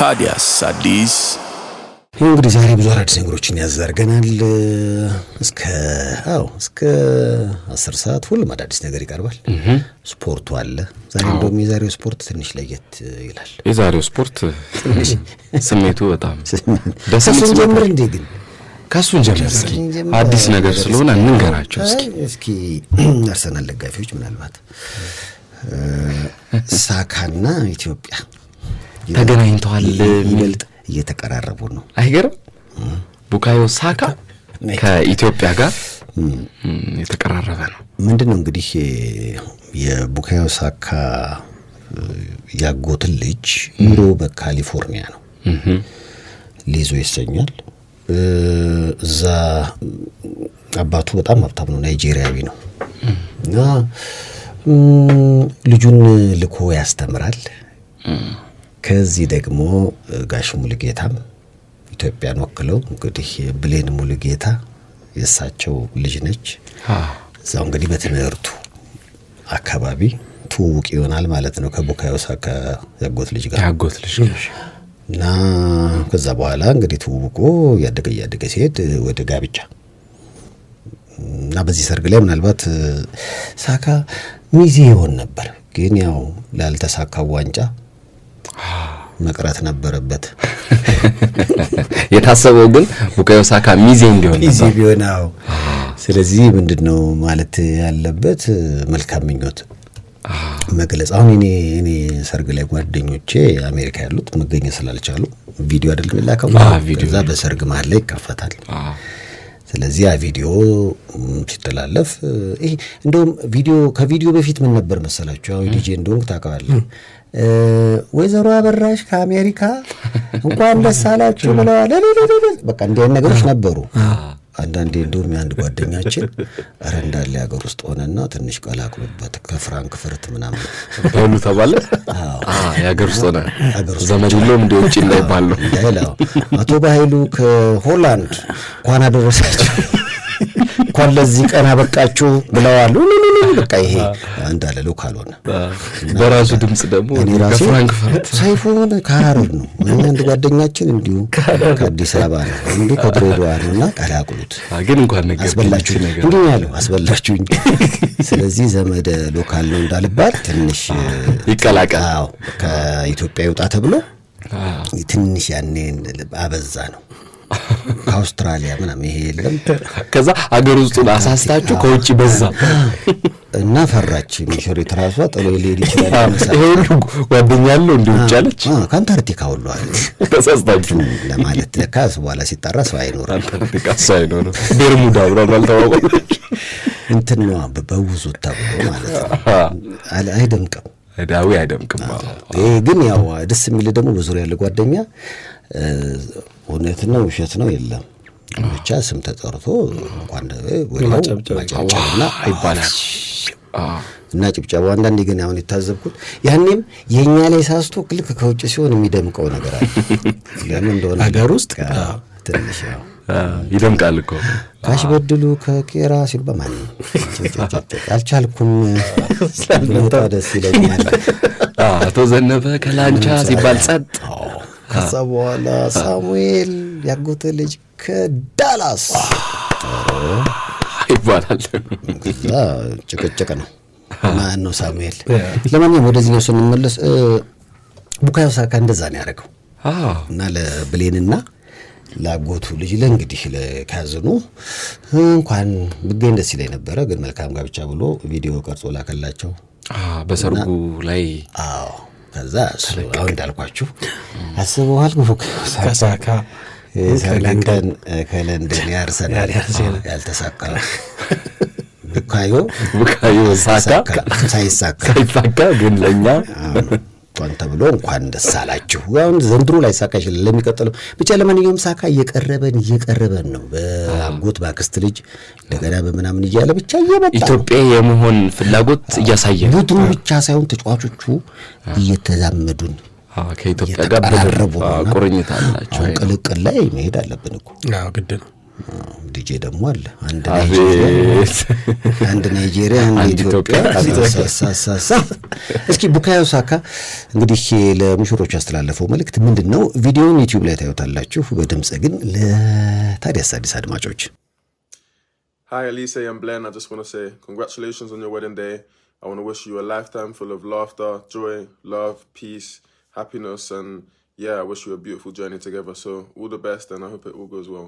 ታዲያስ አዲስ እንግዲህ ዛሬ ብዙ አዳዲስ ነገሮችን ያዛርገናል። እስከ አዎ እስከ አስር ሰዓት ሁሉም አዳዲስ ነገር ይቀርባል። ስፖርቱ አለ። ዛሬ እንደውም የዛሬው ስፖርት ትንሽ ለየት ይላል። የዛሬው ስፖርት ስሜቱ በጣም ደስ ጀምር እንዴ ግን ከሱ ጀምር እስኪ አዲስ ነገር ስለሆነ እንንገራቸው እስኪ እስኪ አርሰናል ደጋፊዎች ምናልባት ሳካና ኢትዮጵያ ተገናኝተዋል የሚል እየተቀራረቡ ነው። አይገርም? ቡካዮ ሳካ ከኢትዮጵያ ጋር የተቀራረበ ነው። ምንድን ነው እንግዲህ የቡካዮ ሳካ ያጎትን ልጅ ኑሮ በካሊፎርኒያ ነው ሊዞ ይሰኛል። እዛ አባቱ በጣም ሀብታም ነው፣ ናይጄሪያዊ ነው እና ልጁን ልኮ ያስተምራል። ከዚህ ደግሞ ጋሽ ሙሉጌታም ኢትዮጵያን ወክለው እንግዲህ ብሌን ሙሉጌታ የእሳቸው ልጅ ነች። እዛው እንግዲህ በትምህርቱ አካባቢ ትውውቅ ይሆናል ማለት ነው ከቡካዮሳ ከያጎት ልጅ ጋር ያጎት ልጅ እና ከዛ በኋላ እንግዲህ ትውውቁ እያደገ እያደገ ሲሄድ ወደ ጋብቻ እና በዚህ ሰርግ ላይ ምናልባት ሳካ ሚዜ ይሆን ነበር፣ ግን ያው ላልተሳካው ዋንጫ መቅረት ነበረበት። የታሰበው ግን ቡካዮ ሳካ ሚዜ እንዲሆን ሚዜ ቢሆን። አዎ። ስለዚህ ምንድን ነው ማለት ያለበት መልካም ምኞት መግለጽ። አሁን እኔ እኔ ሰርግ ላይ ጓደኞቼ አሜሪካ ያሉት መገኘት ስላልቻሉ ቪዲዮ አይደለም የላከው፣ ከዛ በሰርግ መሀል ላይ ይከፈታል። ስለዚህ ያ ቪዲዮ ሲተላለፍ ይሄ እንደውም ቪዲዮ ከቪዲዮ በፊት ምን ነበር መሰላችሁ? ዲጄ እንደሆንክ ታውቀዋለህ ወይዘሮ አበራሽ ከአሜሪካ እንኳን ደስ አላችሁ ብለዋል። በቃ እንዲህ ነገሮች ነበሩ። አንዳንዴ እንዲሁም የአንድ ጓደኛችን ኧረ እንዳለ የሀገር ውስጥ ሆነና ትንሽ ቀላቅሉበት ከፍራንክፈርት ምናምን በሉ ተባለ። የሀገር ውስጥ ሆነ ዘመድሎም እንደ ውጭ ላይ ባለው አቶ በኃይሉ ከሆላንድ እንኳን አደረሳችሁ እንኳን ለዚህ ቀን አበቃችሁ ብለዋል። ነው በቃ ይሄ እንዳለለው ካልሆነ በራሱ ድምፅ ደግሞ ፍራንክፈርት ሳይፎን ከሀረር ነው፣ አንድ ጓደኛችን እንዲሁ ከአዲስ አበባ ነው፣ እንዲ ከድሬዳዋ ነው እና ቀላቅሉት ግን እንኳን ነገር አስበላችሁ እንዲህ ያለው አስበላችሁኝ። ስለዚህ ዘመድ ሎካል ነው እንዳልባል ትንሽ ይቀላቀል ከኢትዮጵያ ይውጣ ተብሎ ትንሽ ያኔ አበዛ ነው። ከአውስትራሊያ ምናምን ይሄ የለም። ከዛ ሀገር ውስጡን አሳስታችሁ ከውጭ በዛ እና ፈራች። ሚሽሪት ራሷ ጥሎ ሊሄድ ይችላል። ይሄ ሁሉ ጓደኛ አለው እንዲ ውጭ አለች። ከአንታርክቲካ ሁሉ አለ ተሳስታችሁ ለማለት ለካ በኋላ ሲጠራ ሰው አይኖርም። ሰው አይኖርም። ቤርሙዳ ብሏል አልተዋወቀች እንትን ነው በውዙ ተብሎ ማለት ነው። አይደምቅም፣ ዳዊ አይደምቅም። ይሄ ግን ያው ደስ የሚል ደግሞ በዙሪያ ያለ ጓደኛ እውነት ነው ውሸት ነው የለም። ብቻ ስም ተጠርቶ እንኳን ማጨብጨብና ይባላል እና ጭብጨባ አንዳንዴ ግን አሁን የታዘብኩት ያኔም የእኛ ላይ ሳስቶ ልክ ከውጭ ሲሆን የሚደምቀው ነገር አለ። ለምን እንደሆነ ሀገር ውስጥ ትንሽ ያው ይደምቃል እኮ ካሽ በድሉ ከኬራ ሲሉ በማን አልቻልኩም ደስ ይለኛል። አቶ ዘነበ ከላንቻ ሲባል ጸጥ ከዛ በኋላ ሳሙኤል ያጎተ ልጅ ከዳላስ ይባላል። ጭቅጭቅ ነው። ማን ነው ሳሙኤል? ለማንኛውም ወደዚህኛው ስንመለስ ቡካዮ ሳካ እንደዛ ነው ያደረገው እና ለብሌንና ላጎቱ ልጅ ለእንግዲህ ለካዝኑ እንኳን ብገኝ ደስ ይለኝ ነበረ፣ ግን መልካም ጋብቻ ብሎ ቪዲዮ ቀርጾ ላከላቸው በሰርጉ ላይ ከዛ አሁን እንዳልኳችሁ አስበዋል። ሳካ ከለንደን ከለንደን የአርሰናል ያልተሳካ ቡካዮ ቡካዮ ሳይሳካ ግን ለእኛ ተሳክቷል ተብሎ እንኳን ደስ አላችሁ። አሁን ዘንድሮ ላይ ሳካ ይችላል ለሚቀጥለው ብቻ። ለማንኛውም ሳካ እየቀረበን እየቀረበን ነው። በአጎት በአክስት ልጅ እንደገና በምናምን እያለ ብቻ እየመጣ ኢትዮጵያ የመሆን ፍላጎት እያሳየ ቡድኑ ብቻ ሳይሆን ተጫዋቾቹ እየተዛመዱን ከኢትዮጵያ ጋር ቁርኝት አላቸው። ቅልቅል ላይ መሄድ አለብን እኮ ግድ ነው። ዲጄ ደግሞ አለ። አንድ ናይጄሪያ፣ አንድ ኢትዮጵያ እስኪ ቡካዮ ሳካ እንግዲህ ለሙሽሮች ያስተላለፈው መልእክት ምንድን ነው? ዩቲዩብ ላይ ታዩታላችሁ፣ በድምፅ ግን ለታዲያስ አዲስ አድማጮች Hi Elise and Blaine, I just want to say congratulations on your wedding day. I want to wish you a lifetime full of laughter, joy, love, peace, happiness, and yeah, I wish you a beautiful journey together. So all the best and I hope it all goes well.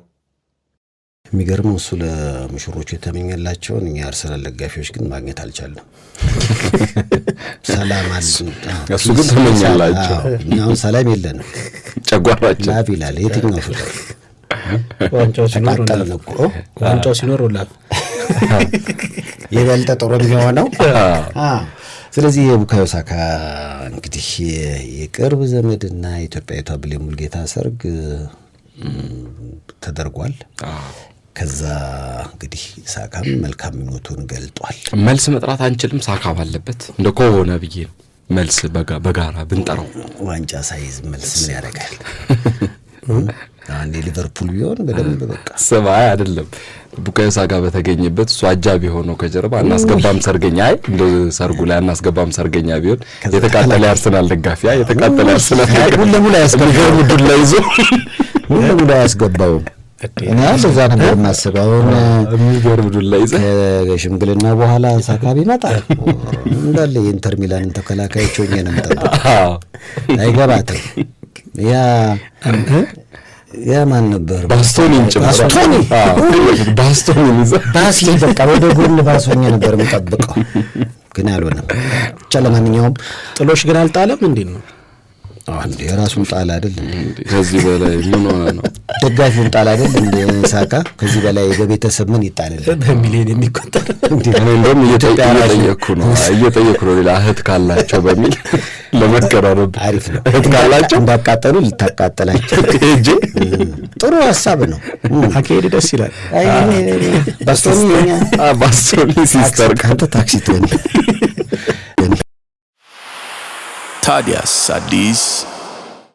የሚገርመው እሱ ለሙሽሮቹ የተመኘላቸውን እኛ አርሰናል ደጋፊዎች ግን ማግኘት አልቻለም። ሰላም እሱ ግን ተመኘላቸው። እኛ ሰላም የለንም፣ ጨጓራችን ላብ ይላል። የትኛው ፍላ ዋንጫው ሲኖር ላ የበልጠ ጥሩ የሚሆነው ስለዚህ የቡካዮ ሳካ እንግዲህ የቅርብ ዘመድና ኢትዮጵያዊቷ ብሌን ሙልጌታ ሰርግ ተደርጓል። ከዛ እንግዲህ ሳካም መልካም ምኞቱን ገልጧል። መልስ መጥራት አንችልም፣ ሳካ ባለበት እንደ ከሆነ ብዬ ነው። መልስ በጋራ ብንጠራው ዋንጫ ሳይዝ መልስ ምን ያደርጋል? አንድ ሊቨርፑል ቢሆን በደንብ በቃ ሰማይ አይደለም። ቡካዮ ሳካ በተገኘበት እሱ አጃቢ ሆነው ከጀርባ አናስገባም ሰርገኛ፣ አይ እንደ ሰርጉ ላይ አናስገባም ሰርገኛ ቢሆን የተቃጠለ አርሰናል ደጋፊ የተቃጠለ አርሰናል ሁለሙ ላይ ያስገባው እኛ በዛ ነበር የማስበው። የሚገርም ዱላ ይዘህ ከሽምግልና በኋላ ሳካቢ ይመጣል እንዳለ የኢንተር ሚላንን ተከላካዮች ሆኜ ነው የምጠብቀው። አይገባትም። ያ ያ ማን ነበር? ባስቶኒን ጭምር ባስቶኒን ባስ በቃ ወደ ጎን ባስ ሆኜ ነበር የምጠብቀው፣ ግን አልሆነም። ብቻ ለማንኛውም ጥሎሽ ግን አልጣለም። እንዴት ነው የራሱን ጣል አይደል? ከዚህ በላይ ምን ሆነ ነው? ደጋፊውን ጣል አይደል? እንደ ሳካ ከዚህ በላይ በቤተሰብ ምን ይጣላል? በሚሊዮን የሚቆጠር እንደም እየጠየኩ ነው እየጠየኩ ነው። ሌላ እህት ካላቸው በሚል ለመቀራረብ አሪፍ ነው። እህት ካላቸው እንዳቃጠሉ ልታቃጠላቸው እጂ ጥሩ ሀሳብ ነው። አካሄድ ደስ ይላል። ባስቶኒ ባስቶኒ ሲስተር ካንተ ታክሲ ትሆን Thaddeus Sadis.